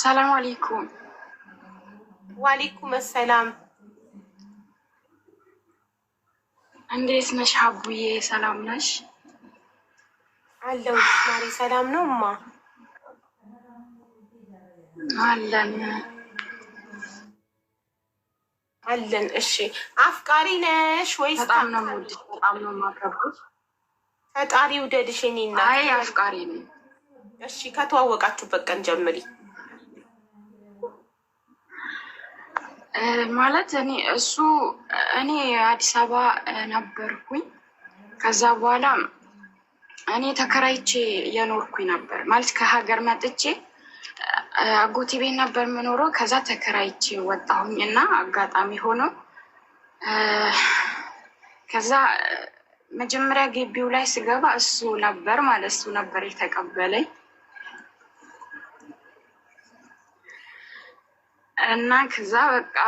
ሰላም አለይኩም። ዋሌኩም ሰላም። እንዴት ነሽ አቡዬ? ሰላም ነሽ? አለው ማሪ። ሰላም ነው እማ አለን አለን። እሺ አፍቃሪ ነሽ ወይስ? በጣም ነው የምወድሽ፣ በጣም ነው የማከብርሽ። ፈጣሪ ውደድሽ። እኔና አይ አፍቃሪ ነኝ። እሺ ከተዋወቃችሁበት ቀን ጀምሪ ማለት እኔ እሱ እኔ አዲስ አበባ ነበርኩኝ። ከዛ በኋላ እኔ ተከራይቼ የኖርኩኝ ነበር። ማለት ከሀገር መጥቼ አጎቴ ቤት ነበር የምኖረው። ከዛ ተከራይቼ ወጣሁኝ እና አጋጣሚ ሆኖ ከዛ መጀመሪያ ግቢው ላይ ስገባ እሱ ነበር ማለት እሱ ነበር የተቀበለኝ እና ከዛ በቃ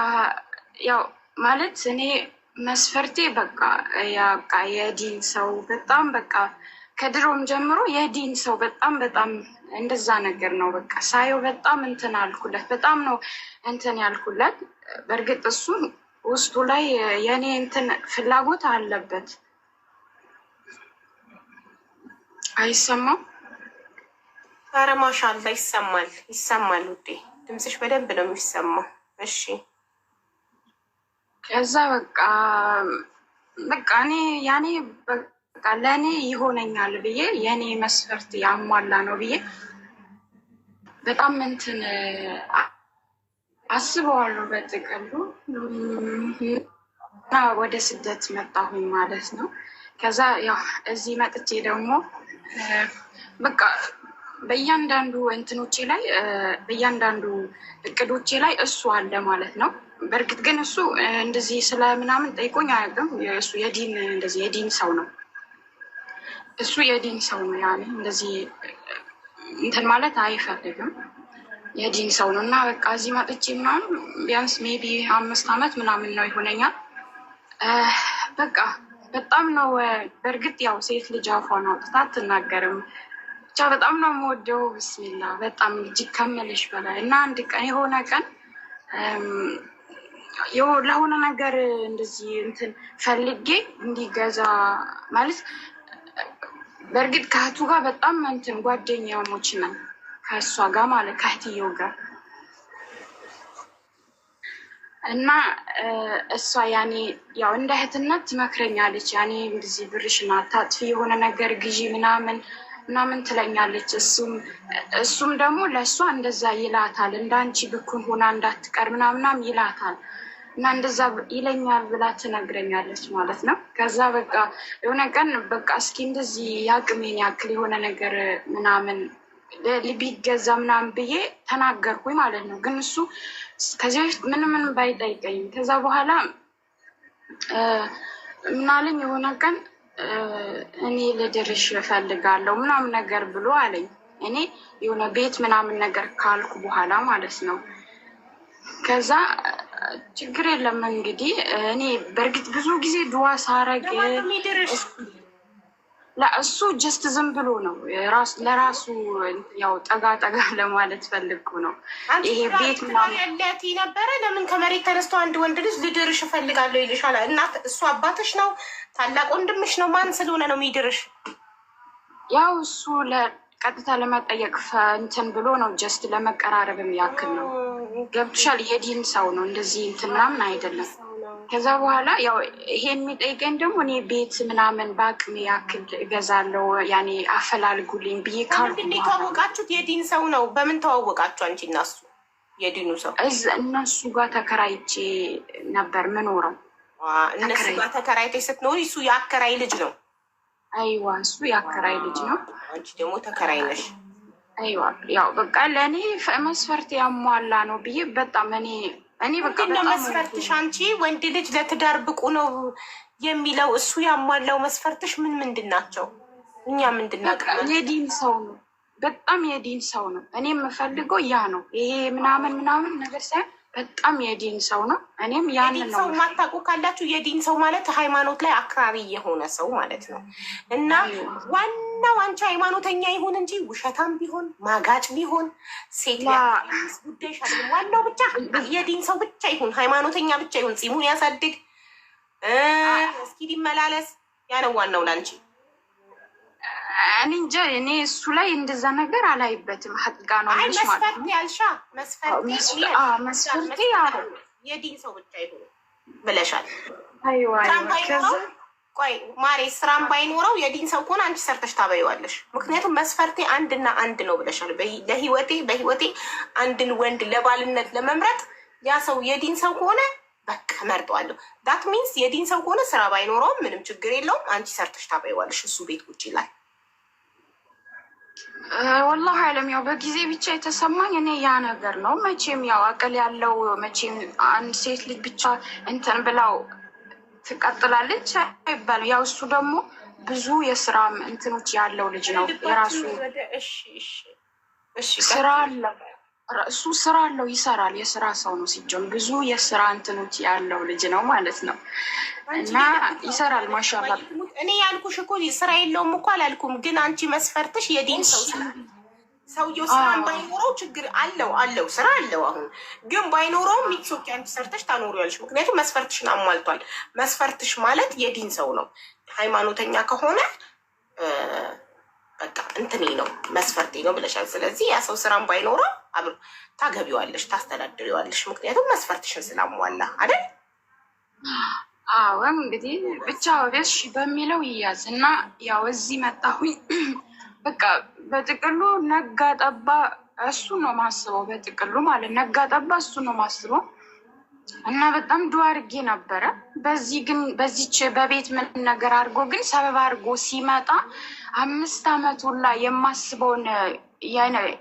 ያው ማለት እኔ መስፈርቴ በቃ በቃ የዲን ሰው በጣም በቃ ከድሮም ጀምሮ የዲን ሰው በጣም በጣም እንደዛ ነገር ነው። በቃ ሳየው በጣም እንትን አልኩለት፣ በጣም ነው እንትን ያልኩለት። በእርግጥ እሱ ውስጡ ላይ የእኔ እንትን ፍላጎት አለበት። አይሰማም? ኧረ ማሻአላህ ይሰማል፣ ይሰማል ውዴ ድምፅሽ በደንብ ነው የሚሰማው። እሺ ከዛ በቃ በቃ እኔ ያኔ በቃ ለእኔ ይሆነኛል ብዬ የእኔ መስፈርት ያሟላ ነው ብዬ በጣም እንትን አስበዋለሁ በጥቅሉ እና ወደ ስደት መጣሁኝ ማለት ነው። ከዛ ያው እዚህ መጥቼ ደግሞ በቃ በእያንዳንዱ እንትኖቼ ላይ በእያንዳንዱ እቅዶቼ ላይ እሱ አለ ማለት ነው። በእርግጥ ግን እሱ እንደዚህ ስለ ምናምን ጠይቆኝ አያውቅም። እሱ የዲን እንደዚህ የዲን ሰው ነው። እሱ የዲን ሰው ነው። ያ እንደዚህ እንትን ማለት አይፈልግም። የዲን ሰው ነው እና በቃ እዚህ መጥቼ ምናምን ቢያንስ ሜቢ አምስት አመት ምናምን ነው ይሆነኛል። በቃ በጣም ነው። በእርግጥ ያው ሴት ልጅ አፏን አውጥታ አትናገርም። ብቻ በጣም ነው የምወደው። ብስሚላ በጣም እጅግ ከመለሽ በላይ እና አንድ ቀን የሆነ ቀን ለሆነ ነገር እንደዚህ እንትን ፈልጌ እንዲገዛ ማለት በእርግጥ ከእህቱ ጋር በጣም እንትን ጓደኛሞች ነን፣ ከእሷ ጋር ማለት ከእህትየው ጋር እና እሷ ያኔ ያው እንደ እህትነት ትመክረኛለች። ያኔ እንደዚህ ብርሽን አታጥፊ፣ የሆነ ነገር ግዢ ምናምን ምናምን ትለኛለች። እሱም እሱም ደግሞ ለእሷ እንደዛ ይላታል፣ እንዳንቺ ብኩን ሆና እንዳትቀር ምናምናም ይላታል። እና እንደዛ ይለኛል ብላ ትነግረኛለች ማለት ነው። ከዛ በቃ የሆነ ቀን በቃ እስኪ እንደዚህ የአቅሜን ያክል የሆነ ነገር ምናምን ቢገዛ ምናምን ብዬ ተናገርኩኝ ማለት ነው። ግን እሱ ከዚህ በፊት ምን ምን ባይጠይቀኝም ከዛ በኋላ ምናለኝ የሆነ ቀን እኔ ልድርሽ እፈልጋለሁ ምናምን ነገር ብሎ አለኝ። እኔ የሆነ ቤት ምናምን ነገር ካልኩ በኋላ ማለት ነው። ከዛ ችግር የለም እንግዲህ እኔ በእርግጥ ብዙ ጊዜ ድዋ ሳረግ እሱ ጀስት ዝም ብሎ ነው ለራሱ ያው ጠጋ ጠጋ ለማለት ፈልጉ ነው። ይሄ ቤት ያለት ነበረ። ለምን ከመሬት ተነስቶ አንድ ወንድ ልጅ ልድርሽ እፈልጋለሁ ይልሻል? እናት እሱ አባትሽ ነው፣ ታላቅ ወንድምሽ ነው። ማን ስለሆነ ነው የሚድርሽ? ያው እሱ ቀጥታ ለመጠየቅ እንትን ብሎ ነው። ጀስት ለመቀራረብ ያክል ነው። ገብቶሻል? የዲን ሰው ነው እንደዚህ እንትን ምናምን አይደለም። ከዛ በኋላ ያው ይሄ የሚጠይቀኝ ደግሞ እኔ ቤት ምናምን በአቅሜ ያክል እገዛለሁ ያኔ አፈላልጉልኝ ብዬ ካልኩ ካወቃችሁት የዲን ሰው ነው። በምን ተዋወቃችሁ አንቺ እናሱ የዲኑ ሰው እዚ እነሱ ጋር ተከራይቼ ነበር ምኖረው። እነሱ ጋር ተከራይተሽ ስትኖር እሱ የአከራይ ልጅ ነው። አይዋ እሱ የአከራይ ልጅ ነው። አንቺ ደግሞ ተከራይ ነሽ። አይዋ ያው በቃ ለእኔ መስፈርት ያሟላ ነው ብዬ በጣም እኔ እኔ በቃ መስፈርትሽ አንቺ ወንድ ልጅ ለትዳር ብቁ ነው የሚለው እሱ ያሟላው መስፈርትሽ ምን ምንድን ናቸው? እኛ ምንድናቀ የዲን ሰው ነው፣ በጣም የዲን ሰው ነው። እኔ የምፈልገው ያ ነው። ይሄ ምናምን ምናምን ነገር ሳይሆን በጣም የዲን ሰው ነው። እኔም ያንን ነው። የማታውቁ ካላችሁ የዲን ሰው ማለት ሃይማኖት ላይ አክራሪ የሆነ ሰው ማለት ነው። እና ዋናው አንቺ ሃይማኖተኛ ይሁን እንጂ ውሸታም ቢሆን ማጋጭ ቢሆን ሴት ጉዳይ ዋናው ብቻ የዲን ሰው ብቻ ይሁን ሃይማኖተኛ ብቻ ይሁን ፂሙን ያሳድግ እስኪ ሊመላለስ ያለው ዋናው ላንቺ እኔ እንጃ እኔ እሱ ላይ እንደዛ ነገር አላይበትም። ሀጥጋ ነው ማለት ነው። ያልሻ መስፈርቴ የዲን ሰው ብቻ ይሁን ብለሻል። ቆይ ማሬ፣ ስራም ባይኖረው የዲን ሰው ከሆነ አንቺ ሰርተሽ ታበይዋለሽ። ምክንያቱም መስፈርቴ አንድና አንድ ነው ብለሻል። ለህይወቴ በህይወቴ አንድን ወንድ ለባልነት ለመምረጥ ያ ሰው የዲን ሰው ከሆነ በቃ መርጠዋለሁ። ዳት ሚንስ የዲን ሰው ከሆነ ስራ ባይኖረውም ምንም ችግር የለውም። አንቺ ሰርተሽ ታበይዋለሽ እሱ ቤት ቁጭ ላይ ወላሁ አለም ያው በጊዜ ብቻ የተሰማኝ እኔ ያ ነገር ነው። መቼም ያው አቅል ያለው መቼም አንድ ሴት ልጅ ብቻ እንትን ብላው ትቀጥላለች አይባልም። ያው እሱ ደግሞ ብዙ የስራ እንትኖች ያለው ልጅ ነው የራሱ ስራ አለው። እሱ ስራ አለው ይሰራል። የስራ ሰው ነው ሲጀም ብዙ የስራ እንትኖች ያለው ልጅ ነው ማለት ነው። እና ይሰራል ማሻላ። እኔ ያልኩሽ እኮ ስራ የለውም እኮ አላልኩም፣ ግን አንቺ መስፈርትሽ የዲን ሰው ሰውየው ስራ ባይኖረው ችግር አለው አለው ስራ አለው። አሁን ግን ባይኖረውም ሚትሶኪ አንቺ ሰርተሽ ታኖሩ ያልሽ፣ ምክንያቱም መስፈርትሽን አሟልቷል። መስፈርትሽ ማለት የዲን ሰው ነው ሃይማኖተኛ ከሆነ በቃ እንትኔ ነው መስፈርቴ ነው ብለሻል። ስለዚህ ያ ሰው ስራም ባይኖረው አብሮ ታገቢዋለሽ፣ ታስተዳድሪዋለሽ። ምክንያቱም መስፈርትሽን ስላሟላ አይደል? አዎን። እንግዲህ ብቻ እሺ በሚለው ይያዝ እና ያው እዚህ መጣሁኝ። በቃ በጥቅሉ ነጋ ጠባ እሱ ነው ማስበው። በጥቅሉ ማለት ነጋ ጠባ እሱ ነው ማስበው እና በጣም ዱ አድርጌ ነበረ። በዚህ ግን በዚች በቤት ምን ነገር አድርጎ ግን ሰበብ አድርጎ ሲመጣ አምስት አመት ሁላ የማስበውን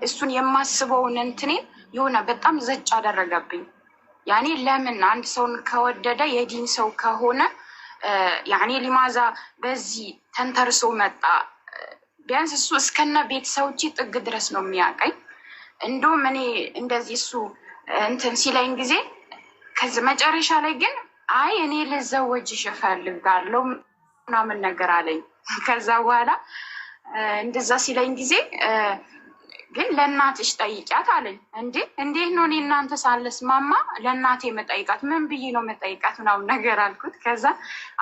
እሱን የማስበውን እንትኔን የሆነ በጣም ዘጭ አደረገብኝ። ያኔ ለምን አንድ ሰውን ከወደደ የዲን ሰው ከሆነ ያኔ ሊማዛ በዚህ ተንተርሶ መጣ? ቢያንስ እሱ እስከነ ቤተሰቦቼ ጥግ ድረስ ነው የሚያውቀኝ። እንደውም እኔ እንደዚህ እሱ እንትን ሲለኝ ጊዜ ከዚ መጨረሻ ላይ ግን አይ እኔ ልዘወጅሽ እፈልጋለሁ ምናምን ነገር አለኝ። ከዛ በኋላ እንደዛ ሲለኝ ጊዜ ግን ለእናትሽ ጠይቂያት አለኝ። እንዴ እንዴት ነው እኔ እናንተ ማማ ለእናቴ መጠይቃት ምን ብዬ ነው መጠይቃት ምናምን ነገር አልኩት። ከዛ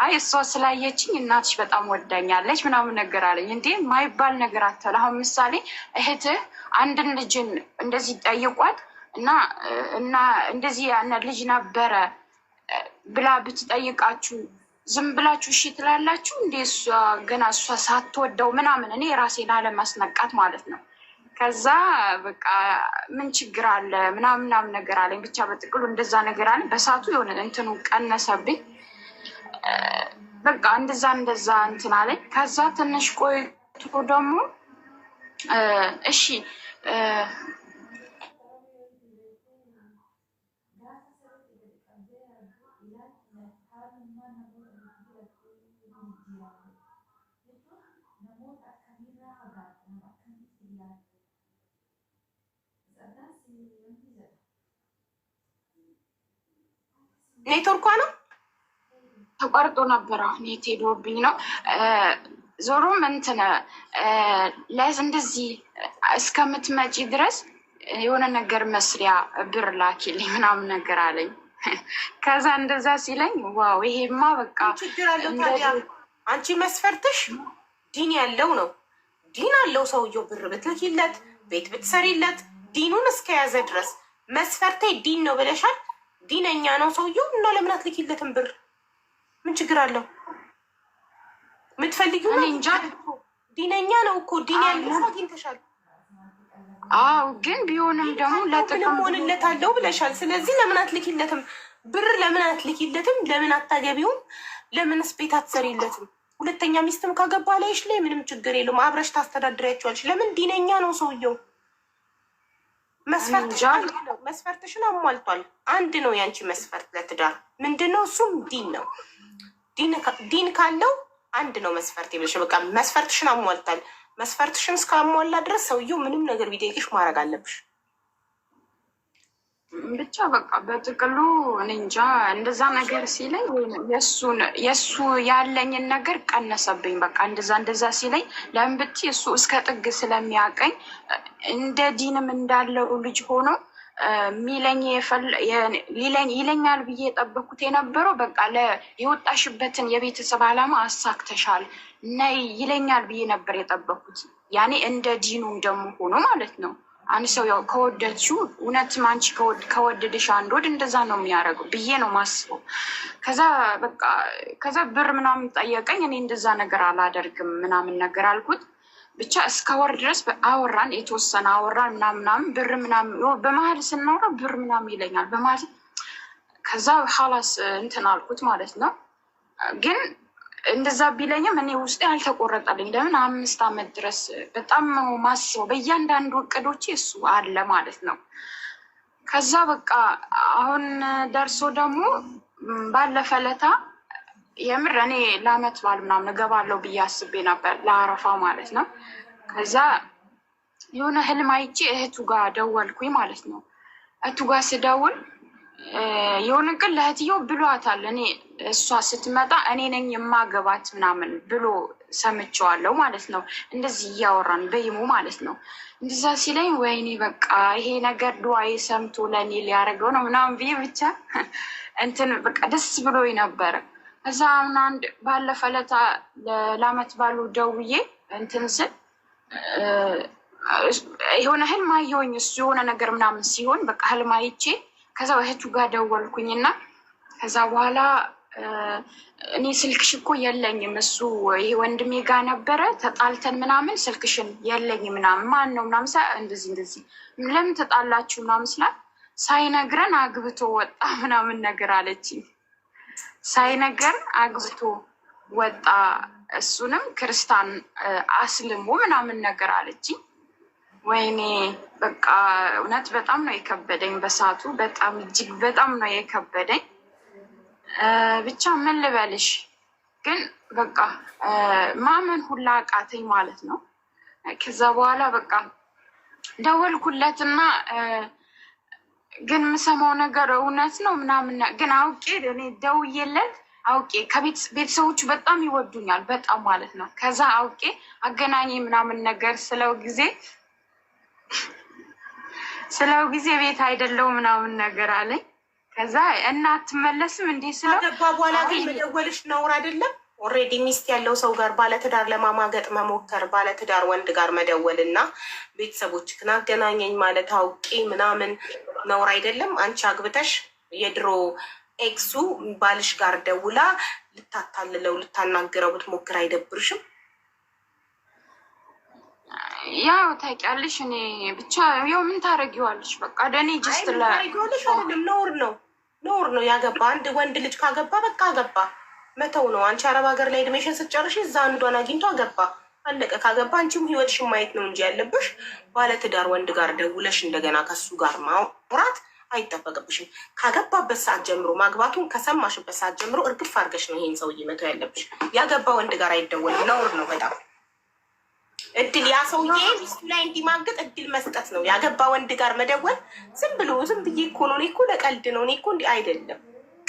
አይ እሷ ስላየችኝ እናትሽ በጣም ወዳኛለች ምናምን ነገር አለኝ። እንዴ ማይባል ነገር አተል። አሁን ምሳሌ እህትህ አንድን ልጅን እንደዚህ ጠይቋት እና እና እንደዚህ ያነ ልጅ ነበረ ብላ ብትጠይቃችሁ ዝም ብላችሁ እሺ ትላላችሁ? እንዴ እሷ ገና እሷ ሳትወደው ምናምን እኔ ራሴን አለማስነቃት ማለት ነው ከዛ በቃ ምን ችግር አለ ምናምን ምናምን ነገር አለኝ። ብቻ በጥቅሉ እንደዛ ነገር አለኝ። በሳቱ የሆነ እንትኑ ቀነሰብኝ። በቃ እንደዛ እንደዛ እንትን አለኝ። ከዛ ትንሽ ቆይቶ ደግሞ እሺ ኔትወርኳ ነው ተቋርጦ ነበረ። ኔት ሄዶብኝ ነው። ዞሮም እንትን ለዝ እንደዚህ እስከምትመጪ ድረስ የሆነ ነገር መስሪያ ብር ላኪልኝ ምናምን ነገር አለኝ። ከዛ እንደዛ ሲለኝ ዋው ይሄማ በቃ ችግር አለው። ታዲያ አንቺ መስፈርትሽ ዲን ያለው ነው። ዲን አለው ሰውየው። ብር ብትልኪለት፣ ቤት ብትሰሪለት ዲኑን እስከያዘ ድረስ መስፈርቴ ዲን ነው ብለሻል። ዲነኛ ነው ሰውየው እና ለምን አትልኪለትም ብር? ምን ችግር አለው? የምትፈልጊው እንጃ። ዲነኛ ነው እኮ ዲን ያለው አግኝተሻል። አዎ ግን ቢሆንም ደግሞ ለጥቅም አለው ብለሻል። ስለዚህ ለምን አትልኪለትም ብር? ለምን አትልኪለትም? ለምን አታገቢውም? ለምንስ ቤት አትሰሪለትም? ሁለተኛ ሚስትም ካገባ ላይሽ ላይ ምንም ችግር የለውም። አብረሽ ታስተዳድሪያቸዋለሽ። ለምን ዲነኛ ነው ሰውየው። መስፈርትሽን አሟልቷል። አንድ ነው ያንቺ መስፈርት ለትዳር ምንድን ነው? እሱም ዲን ነው። ዲን ካለው አንድ ነው መስፈርት የብለሽ በቃ መስፈርትሽን አሟልቷል። መስፈርትሽን እስካሟላ ድረስ ሰውየው ምንም ነገር ቢጠይቅሽ ማድረግ አለብሽ። ብቻ በቃ በጥቅሉ እኔ እንጃ እንደዛ ነገር ሲለኝ የእሱ ያለኝን ነገር ቀነሰብኝ። በቃ እንደዛ እንደዛ ሲለኝ ለምን ብትይ እሱ እስከ ጥግ ስለሚያቀኝ እንደ ዲንም እንዳለው ልጅ ሆኖ ሚለኝ ይለኛል ብዬ የጠበኩት የነበረው በቃ የወጣሽበትን የቤተሰብ ዓላማ አሳክተሻል እና ይለኛል ብዬ ነበር የጠበኩት። ያኔ እንደ ዲኑም ደግሞ ሆኖ ማለት ነው አንድ ሰው ያው ከወደድሽው እውነትም አንቺ ከወደድሽ አንድ ወድ እንደዛ ነው የሚያደርገው ብዬ ነው ማስበው። ከዛ በቃ ከዛ ብር ምናምን ጠየቀኝ። እኔ እንደዛ ነገር አላደርግም ምናምን ነገር አልኩት። ብቻ እስከ ወር ድረስ አወራን፣ የተወሰነ አወራን ምናምናም ብር ምናምን በመሀል ስናወራ ብር ምናምን ይለኛል በመሀል ከዛ ሀላስ እንትን አልኩት ማለት ነው ግን እንደዛ ቢለኝም እኔ ውስጤ አልተቆረጠልኝ። ለምን አምስት አመት ድረስ በጣም ነው ማስበው። በእያንዳንዱ እቅዶቼ እሱ አለ ማለት ነው። ከዛ በቃ አሁን ደርሶ ደግሞ ባለፈ ለታ የምር እኔ ለአመት በዓል ምናምን እገባለሁ ብዬ አስቤ ነበር፣ ለአረፋ ማለት ነው። ከዛ የሆነ ህልም አይቼ እህቱ ጋር ደወልኩኝ ማለት ነው። እህቱ ጋር ስደውል የሆነ ቀን ለእህትየው ብሏታል። እኔ እሷ ስትመጣ እኔ ነኝ የማገባት ምናምን ብሎ ሰምቼዋለሁ ማለት ነው። እንደዚህ እያወራን በይሙ ማለት ነው። እንደዛ ሲለኝ ወይኔ በቃ ይሄ ነገር ድዋዬ ሰምቶ ለእኔ ሊያደርገው ነው ምናምን ብዬ ብቻ እንትን በቃ ደስ ብሎኝ ነበረ። እዛ አሁን አንድ ባለፈ ለታ ለአመት ባሉ ደውዬ እንትን ስል የሆነ ህልም አየሁኝ እሱ የሆነ ነገር ምናምን ሲሆን በቃ ህልም አይቼ ከዛ እህቱ ጋር እና ከዛ በኋላ እኔ ስልክሽ እኮ የለኝም፣ እሱ ይሄ ወንድሜ ጋር ነበረ ተጣልተን ምናምን ስልክሽን የለኝ ምናምን ማን ነው ምናምን ሳ እንደዚህ እንደዚህ ለምን ተጣላችሁ ምናምን ስላት ሳይነግረን አግብቶ ወጣ ምናምን ነገር አለችኝ። ሳይነገር አግብቶ ወጣ፣ እሱንም ክርስታን አስልሞ ምናምን ነገር አለችኝ። ወይኔ በቃ እውነት በጣም ነው የከበደኝ። በሰዓቱ በጣም እጅግ በጣም ነው የከበደኝ። ብቻ ምን ልበልሽ ግን በቃ ማመን ሁላ አቃተኝ ማለት ነው። ከዛ በኋላ በቃ ደወልኩለትና ግን የምሰማው ነገር እውነት ነው ምናምን ግን አውቄ እኔ ደውዬለት አውቄ ከቤተሰቦቹ በጣም ይወዱኛል በጣም ማለት ነው። ከዛ አውቄ አገናኝ ምናምን ነገር ስለው ጊዜ ስለው ጊዜ ቤት አይደለው ምናምን ነገር አለኝ። ከዛ እና አትመለስም እንዴ ስለው በኋላ ግን መደወልሽ ነውር አይደለም። ኦሬዲ ሚስት ያለው ሰው ጋር ባለትዳር ለማማገጥ መሞከር፣ ባለትዳር ወንድ ጋር መደወል እና ቤተሰቦችህን አገናኘኝ ማለት አውቂ ምናምን ነውር አይደለም። አንቺ አግብተሽ የድሮ ኤክሱ ባልሽ ጋር ደውላ ልታታልለው ልታናግረው ብትሞክር አይደብርሽም? ያው ታውቂያለሽ፣ እኔ ብቻ ያው ምን ታደርጊዋለሽ? በቃ ደኔ ጅስት ታደርጊዋለሽ። አይደለም ነው ኖር ነው ያገባ። አንድ ወንድ ልጅ ካገባ በቃ አገባ መተው ነው። አንቺ አረብ ሀገር ላይ እድሜሽን ስትጨርሽ እዛ አንዷን አግኝቶ አገባ አለቀ። ካገባ አንቺም ህይወትሽን ማየት ነው እንጂ ያለብሽ ባለትዳር ወንድ ጋር ደውለሽ እንደገና ከሱ ጋር ማውራት አይጠበቅብሽም። ካገባበት ሰዓት ጀምሮ ማግባቱን ከሰማሽበት ሰዓት ጀምሮ እርግፍ አድርገሽ ነው ይሄን ሰውዬ መተው ያለብሽ። ያገባ ወንድ ጋር አይደወልም። ነውር ነው በጣም እድል ያ ሰውዬ ሚስቱ ላይ እንዲማግጥ እድል መስጠት ነው። ያገባ ወንድ ጋር መደወል ዝም ብሎ ዝም ብዬ እኮ ነው እኔ እኮ ለቀልድ ነው እኔ እኮ እንዲህ አይደለም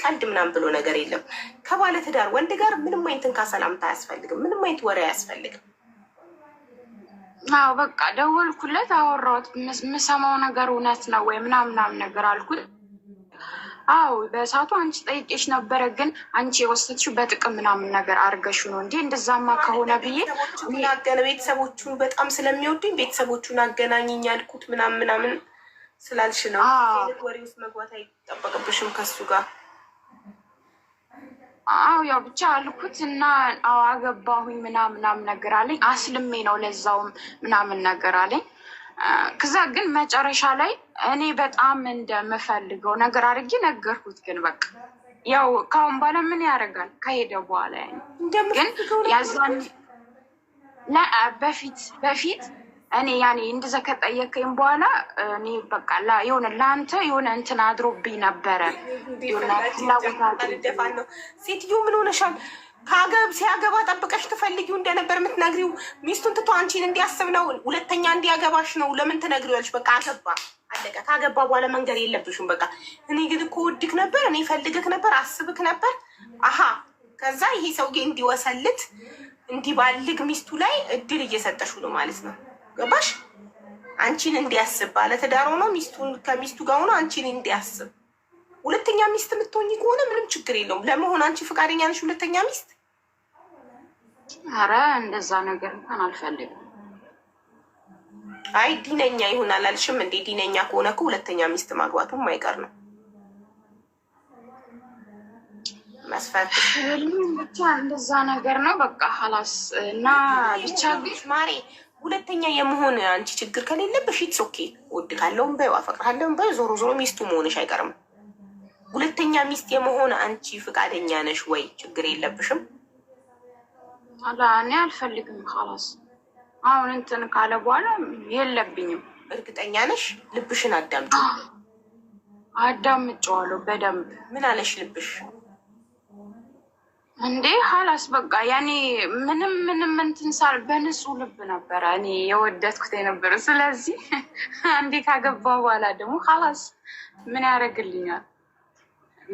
ቀልድ ምናምን ብሎ ነገር የለም። ከባለ ትዳር ወንድ ጋር ምንም አይነት እንካ ሰላምታ አያስፈልግም። ምንም አይነት ወሬ አያስፈልግም። አዎ በቃ ደወልኩለት፣ አወራሁት። የምሰማው ነገር እውነት ነው ወይ ምናምናም ነገር አልኩት። አዎ በሰዓቱ አንቺ ጠይቄሽ ነበረ፣ ግን አንቺ የወሰድሽው በጥቅም ምናምን ነገር አድርገሽ ነው እንዴ? እንደዛማ ከሆነ ብዬ ቤተሰቦቹ በጣም ስለሚወዱኝ ቤተሰቦቹን አገናኝኝ ያልኩት ምናምን ምናምን ስላልሽ ነው። ወሬ ውስጥ መግባት አይጠበቅብሽም ከሱ ጋር። አው ያው ብቻ አልኩት እና አዎ አገባሁኝ ምናምናም ነገር አለኝ። አስልሜ ነው ለዛውም ምናምን ነገር አለኝ ከዛ ግን መጨረሻ ላይ እኔ በጣም እንደምፈልገው ነገር አድርጌ ነገርኩት። ግን በቃ ያው ካሁን በኋላ ምን ያደርጋል ከሄደ በኋላ ግን ያዛን በፊት በፊት እኔ ያኔ እንደዛ ከጠየቀኝ በኋላ እኔ በቃ የሆነ ለአንተ የሆነ እንትን አድሮብኝ ነበረ። ሴትዮ ምን ሆነሻል? ከአገብ ሲያገባ ጠብቀሽ ትፈልጊው እንደነበር የምትነግሪው ሚስቱን ትቶ አንቺን እንዲያስብ ነው፣ ሁለተኛ እንዲያገባሽ ነው። ለምን ትነግሪዋለሽ? በቃ አገባ፣ አለቀ። ካገባ በኋላ መንገድ የለብሽም። በቃ እኔ ግን እኮ ውድክ ነበር፣ እኔ ፈልግክ ነበር፣ አስብክ ነበር። አሀ ከዛ ይሄ ሰውዬ እንዲወሰልት እንዲባልግ ሚስቱ ላይ እድል እየሰጠሽ ነው ማለት ነው። ገባሽ? አንቺን እንዲያስብ ባለትዳር ሆኖ ሚስቱን ከሚስቱ ጋር ሆኖ አንቺን እንዲያስብ ሁለተኛ ሚስት የምትሆኝ ከሆነ ምንም ችግር የለውም። ለመሆን አንቺ ፈቃደኛ ነሽ ሁለተኛ ሚስት? አረ እንደዛ ነገር እንኳን አልፈልግም። አይ ዲነኛ ይሆናል አልሽም እንዴ? ዲነኛ ከሆነ እኮ ሁለተኛ ሚስት ማግባቱም አይቀር ነው። መስፈርት ብቻ እንደዛ ነገር ነው። በቃ ሀላስ እና ብቻ ማሬ ሁለተኛ የመሆን አንቺ ችግር ከሌለ በፊት ሶኬ ወድካለሁም በይው አፈቅርሃለሁም በይው ዞሮ ዞሮ ሚስቱ መሆንሽ አይቀርም። ሁለተኛ ሚስት የመሆን አንቺ ፍቃደኛ ነሽ ወይ? ችግር የለብሽም። አላ እኔ አልፈልግም። ካላስ አሁን እንትን ካለ በኋላ የለብኝም። እርግጠኛ ነሽ? ልብሽን አዳምጪ። አዳምጪዋለሁ በደንብ። ምን አለሽ ልብሽ? እንዴ ሀላስ በቃ ያኔ ምንም ምንም እንትን ሳል በንጹህ ልብ ነበረ እኔ የወደድኩት የነበረ። ስለዚህ አንዴ ካገባ በኋላ ደግሞ ሀላስ ምን ያደርግልኛል?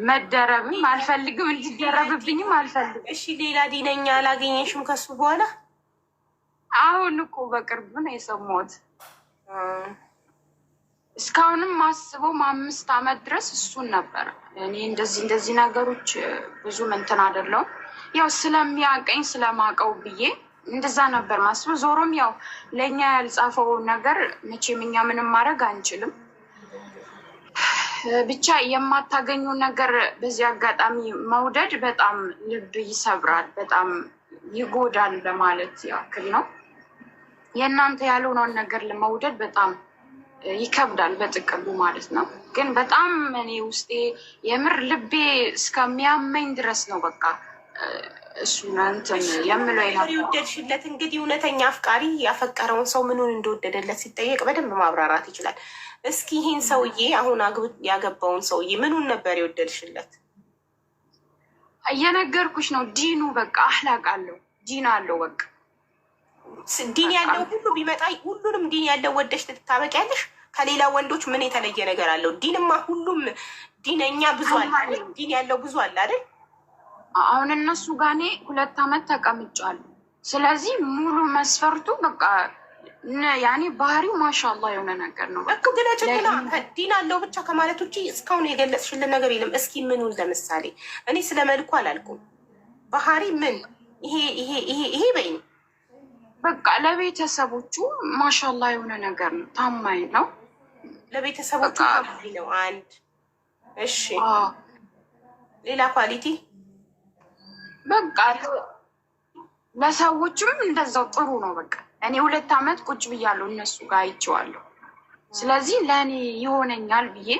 መደረብም አልፈልግም፣ እንዲደረብብኝም አልፈልግም። እሺ፣ ሌላ ዲነኛ አላገኘሽም ከሱ በኋላ? አሁን እኮ በቅርቡ ነው የሰማሁት። እስካሁንም ማስበው አምስት አመት ድረስ እሱን ነበር። እኔ እንደዚህ እንደዚህ ነገሮች ብዙም እንትን አይደለሁም። ያው ስለሚያቀኝ ስለማቀው ብዬ እንደዛ ነበር ማስበው። ዞሮም ያው ለእኛ ያልጻፈው ነገር መቼም እኛ ምንም ማድረግ አንችልም። ብቻ የማታገኙ ነገር በዚህ አጋጣሚ መውደድ በጣም ልብ ይሰብራል፣ በጣም ይጎዳል ለማለት ያክል ነው። የእናንተ ያልሆነውን ነገር ለመውደድ በጣም ይከብዳል በጥቅሉ ማለት ነው። ግን በጣም እኔ ውስጤ የምር ልቤ እስከሚያመኝ ድረስ ነው በቃ እሱ እንትን የምለው ይወደድሽለት። እንግዲህ እውነተኛ አፍቃሪ ያፈቀረውን ሰው ምኑን እንደወደደለት ሲጠየቅ በደንብ ማብራራት ይችላል። እስኪ ይህን ሰውዬ አሁን ያገባውን ሰውዬ ምኑን ነበር የወደድሽለት? እየነገርኩሽ ነው። ዲኑ በቃ አህላቅ አለው ዲን አለው በቃ ዲን ያለው ሁሉ ቢመጣ ሁሉንም ዲን ያለው ወደሽ ትታበቂያለሽ። ከሌላ ወንዶች ምን የተለየ ነገር አለው? ዲንማ ሁሉም ዲነኛ ብዙ አለ፣ ዲን ያለው ብዙ አለ አይደል? አሁን እነሱ ጋኔ ሁለት አመት ተቀምጫለሁ። ስለዚህ ሙሉ መስፈርቱ በቃ ያኔ ባህሪው ማሻላ የሆነ ነገር ነው። እኮ ግለጭ ና ዲን አለው ብቻ ከማለት ውጭ እስካሁን የገለጽሽልን ነገር የለም። እስኪ ምኑን ለምሳሌ እኔ ስለ መልኩ አላልኩም። ባህሪ ምን ይሄ ይሄ ይሄ ይሄ በይ በቃ ለቤተሰቦቹ ማሻላ የሆነ ነገር ነው። ታማኝ ነው ለቤተሰቦቹ ታማኝ ነው። አንድ እሺ፣ ሌላ ኳሊቲ በቃ ለሰዎችም እንደዛው ጥሩ ነው። በቃ እኔ ሁለት ዓመት ቁጭ ብያለሁ እነሱ ጋር አይቼዋለሁ። ስለዚህ ለእኔ ይሆነኛል ብዬ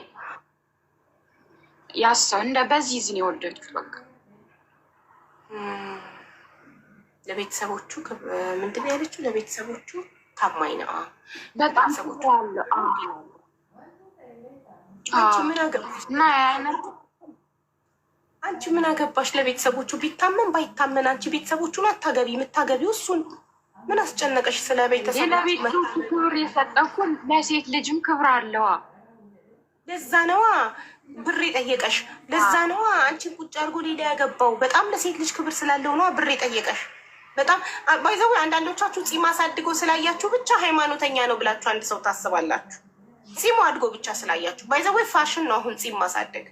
ያሰው እንደ በዚህ ዝን የወደድኩት በቃ ለቤተሰቦቹ ምንድን ነው ያለችው? ለቤተሰቦቹ ታማኝ ነው። በጣም አንቺ ምን አገባሽ? ለቤተሰቦቹ ቢታመን ባይታመን አንቺ ቤተሰቦቹን አታገቢ፣ የምታገቢው እሱን ምን አስጨነቀሽ? ስለ ቤተሰብ ለቤት ክብር የሰጠው ለሴት ልጅም ክብር አለዋ። ለዛ ነዋ ብር የጠየቀሽ። ለዛ ነዋ አንቺን ቁጭ አድርጎ ሌላ ያገባው። በጣም ለሴት ልጅ ክብር ስላለው ነዋ ብር የጠየቀሽ። በጣም ባይዘው አንዳንዶቻችሁ ፂም አሳድገው ስላያችሁ ብቻ ሃይማኖተኛ ነው ብላችሁ አንድ ሰው ታስባላችሁ። ፂሙ አድጎ ብቻ ስላያችሁ ባይዘው ፋሽን ነው አሁን ፂም ማሳደግ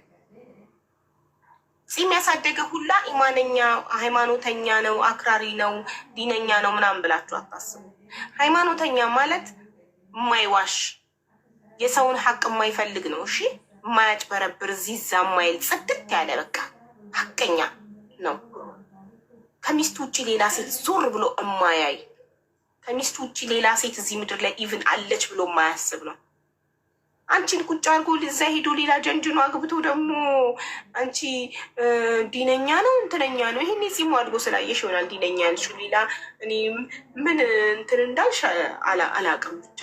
ጺም ያሳደገ ሁላ ኢማነኛ ሃይማኖተኛ ነው፣ አክራሪ ነው፣ ዲነኛ ነው ምናምን ብላችሁ አታስቡ። ሃይማኖተኛ ማለት የማይዋሽ የሰውን ሀቅ የማይፈልግ ነው። እሺ የማያጭበረብር ዚዛ የማይል ጽድት ያለ በቃ ሀቀኛ ነው። ከሚስቱ ውጭ ሌላ ሴት ዞር ብሎ የማያይ ከሚስቱ ውጭ ሌላ ሴት እዚህ ምድር ላይ ኢቭን አለች ብሎ የማያስብ ነው። አንቺን ቁጭ አድርጎ ልዛ ሄዶ ሌላ ጀንጅኖ አግብቶ ደግሞ አንቺ ዲነኛ ነው እንትነኛ ነው። ይህን ጺሙ አድጎ ስላየሽ ይሆናል ዲነኛ ያልሽው። ሌላ ምን እንትን እንዳልሽ አላቅም። ብቻ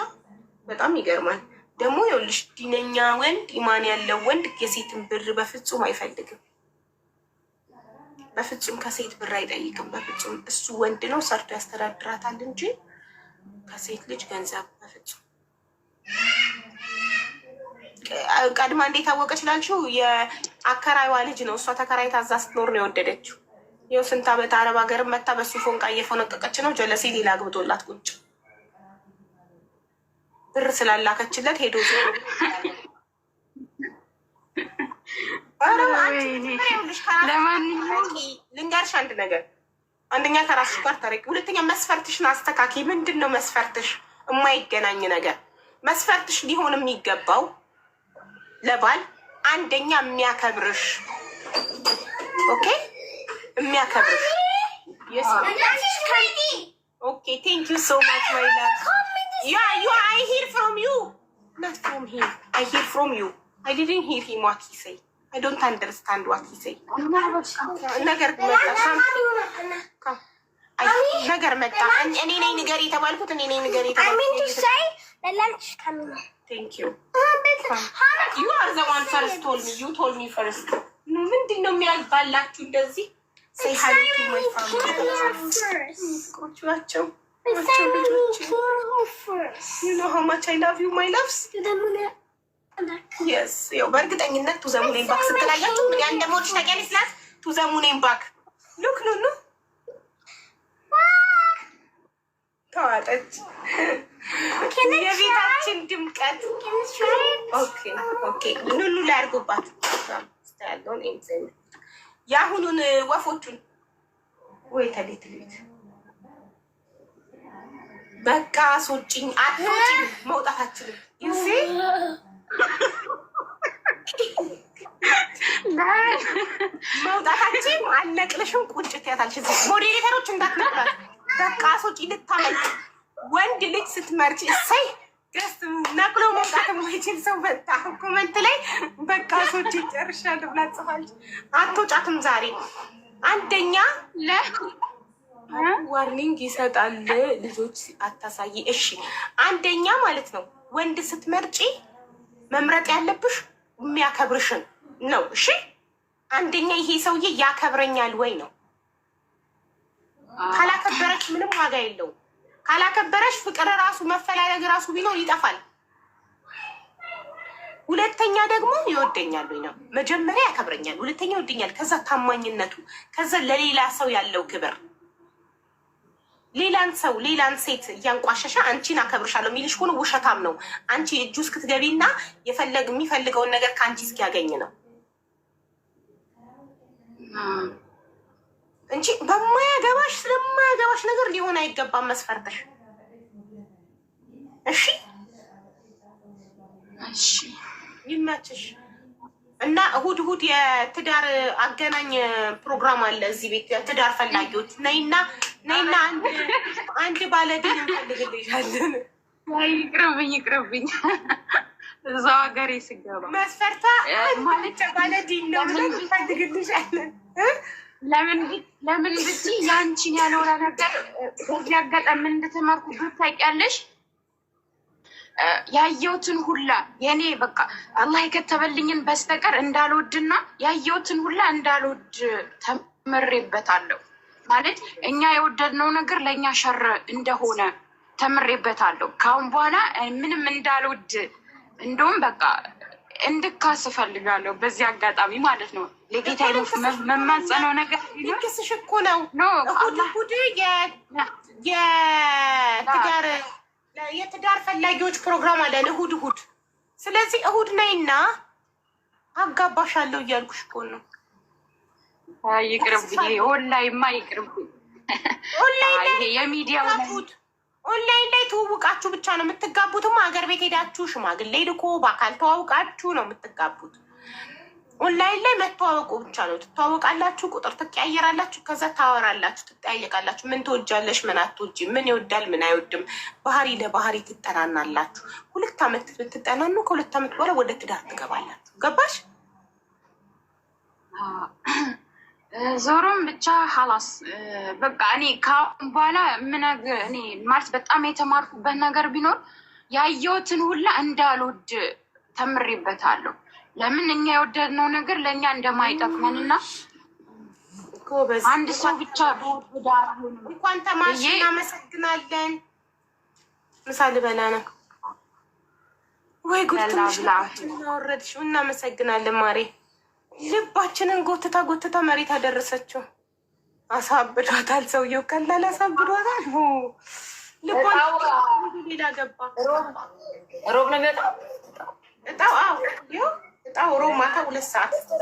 በጣም ይገርማል። ደግሞ ይኸውልሽ ዲነኛ ወንድ፣ ኢማን ያለው ወንድ የሴትን ብር በፍጹም አይፈልግም። በፍጹም ከሴት ብር አይጠይቅም። በፍጹም እሱ ወንድ ነው፣ ሰርቶ ያስተዳድራታል እንጂ ከሴት ልጅ ገንዘብ በፍጹም ቀድማ እንዴት አወቀች ላልሽው የአከራይዋ ልጅ ነው። እሷ ተከራይ ታዛ ስትኖር ነው የወደደችው። ይኸው ስንት ዓመት አረብ ሀገር መታ በሱ ፎንቃ እየፈነቀቀች ነው። ጀለሴ ሌላ አግብቶላት ቁጭ ብር ስላላከችለት ሄዶ ልንገርሽ አንድ ነገር፣ አንደኛ ከራስሽ ጋር ታረቂ፣ ሁለተኛ መስፈርትሽን አስተካኪ። ምንድን ነው መስፈርትሽ? የማይገናኝ ነገር መስፈርትሽ ሊሆን የሚገባው ለባል አንደኛ የሚያከብርሽ ኦኬ፣ የሚያከብርሽ ኦኬ። ቴንክ ዩ ሶ ማች ማይ ላቭ ያ ዩ አይ ሂር ፍሮም ዩ ናት ፍሮም ሂም አይ ሂር ፍሮም ዩ አይ ዲድን ሂር ሂም ዋት ሂ ሰይ አይ ዶንት አንደርስታንድ ዋት ሂ ሰይ ነገር መጣ። እኔ ነኝ ንገር የተባልኩት እኔ ነኝ ንገር የተባልኩት ምንድን ነው የሚያባላችሁ እንደዚህ? በእርግጠኝነት ቱዘሙኔን ባክ ስትላያችሁ ያን ደግሞ ታውቂያለሽ ስላት ቱዘሙኔን ባክ ሉክ ኑኑ ተዋጠች። የቤታችን ድምቀት ኑኑ ላይ አድርጎባት ያለውን የአሁኑን ወፎቹን ወይ ተሌት ቤት በቃ ሶጭኝ አትወጪም መውጣታችንም መውጣታችን አልነቅልሽም ቁጭት ያታልሽ ሞዴሬተሮች እንዳትነግራት በቃ ሶጪ ልታመልጥ ወንድ ልጅ ስትመርጭ እሰይ ደስ ነቅሎ መውጣት የማይችል ሰው መጣ። ኮመንት ላይ በቃ ሰዎች ጨርሻለሁ ብላ ጽፋለች። አትወጫትም ዛሬ አንደኛ ለ ዋርኒንግ ይሰጣል። ልጆች አታሳይ። እሺ አንደኛ ማለት ነው ወንድ ስትመርጪ መምረጥ ያለብሽ የሚያከብርሽን ነው። እሺ አንደኛ ይሄ ሰውዬ ያከብረኛል ወይ ነው። ካላከበረች ምንም ዋጋ የለውም። ካላከበረሽ ፍቅር ራሱ መፈላለግ ራሱ ቢኖር ይጠፋል። ሁለተኛ ደግሞ ይወደኛል ወይ ነው። መጀመሪያ ያከብረኛል፣ ሁለተኛ ይወደኛል፣ ከዛ ታማኝነቱ፣ ከዛ ለሌላ ሰው ያለው ክብር። ሌላን ሰው ሌላን ሴት እያንቋሸሸ አንቺን አከብርሻለሁ የሚልሽ ሆኖ ውሸታም ነው። አንቺ እጁ እስክትገቢና የፈለግ የሚፈልገውን ነገር ከአንቺ እስኪያገኝ ነው። እንጂ በማያገባሽ ስለማያገባሽ ነገር ሊሆን አይገባም መስፈርትሽ። እሺ እሺ፣ ይመችሽ እና እሁድ እሁድ የትዳር አገናኝ ፕሮግራም አለ እዚህ ቤት ትዳር ፈላጊዎች ነይና ነይና አንድ ባለድን እንፈልግልሻለን። ይቅርብኝ ይቅርብኝ፣ እዛው ሀገሬ ስገባ መስፈርታ ማለት ባለድል ነው ብለን እንፈልግልሻለን። ለምን ብትይ ያንቺን ያልሆነ ነገር በዚህ አጋጣሚ እንደተማርኩበት ታውቂያለሽ። ያየሁትን ሁላ የኔ በቃ አላህ የከተበልኝን በስተቀር እንዳልወድና ያየሁትን ሁላ እንዳልወድ ተምሬበታለሁ። ማለት እኛ የወደድነው ነገር ለእኛ ሸር እንደሆነ ተምሬበታለሁ። ከአሁን በኋላ ምንም እንዳልወድ እንደውም በቃ እንድካስ እፈልጋለሁ። በዚህ አጋጣሚ ማለት ነው ለጌታ መማጸነው ነገር ክስሽ እኮ ነው። እሑድ የትዳር ፈላጊዎች ፕሮግራም አለን እሑድ እሑድ። ስለዚህ እሑድ ነይና አጋባሻለሁ እያልኩሽ እኮ ነው። ይቅርብ ኦንላይንማ ይቅርብ ኦንላይን የሚዲያ ኦንላይን ላይ ተዋውቃችሁ ብቻ ነው የምትጋቡትም። ሀገር ቤት ሄዳችሁ ሽማግሌ ልኮ በአካል ተዋውቃችሁ ነው የምትጋቡት። ኦንላይን ላይ መተዋወቁ ብቻ ነው። ትተዋወቃላችሁ፣ ቁጥር ትቀያየራላችሁ፣ ከዛ ታወራላችሁ፣ ትጠያየቃላችሁ። ምን ትወጃለሽ፣ ምን አትወጂ፣ ምን ይወዳል፣ ምን አይወድም፣ ባህሪ ለባህሪ ትጠናናላችሁ። ሁለት ዓመት ብትጠናኑ ከሁለት ዓመት በኋላ ወደ ትዳር ትገባላችሁ። ገባሽ? ዞሮም ብቻ ሀላስ በቃ እኔ ከአሁን በኋላ እኔ ማለት በጣም የተማርኩበት ነገር ቢኖር ያየሁትን ሁላ እንዳልወድ ተምሬበታለሁ። ለምን እኛ የወደድነው ነገር ለእኛ እንደማይጠቅመን እና አንድ ሰው ብቻ በወዳ እንኳን ተማሽ። እናመሰግናለን። ምሳ ልበላ ነው ወይ ጉድ ትንሽ እናወረድሽ። እናመሰግናለን ማሬ ልባችንን ጎትታ ጎትታ መሬት አደረሰችው። አሳብዷታል። ሰውየው ቀላል አሳብዷታል። ልቧሌላ ገባ። ሮብ ነው የሚወጣው እጣው። እጣው ሮብ ማታ ሁለት ሰዓት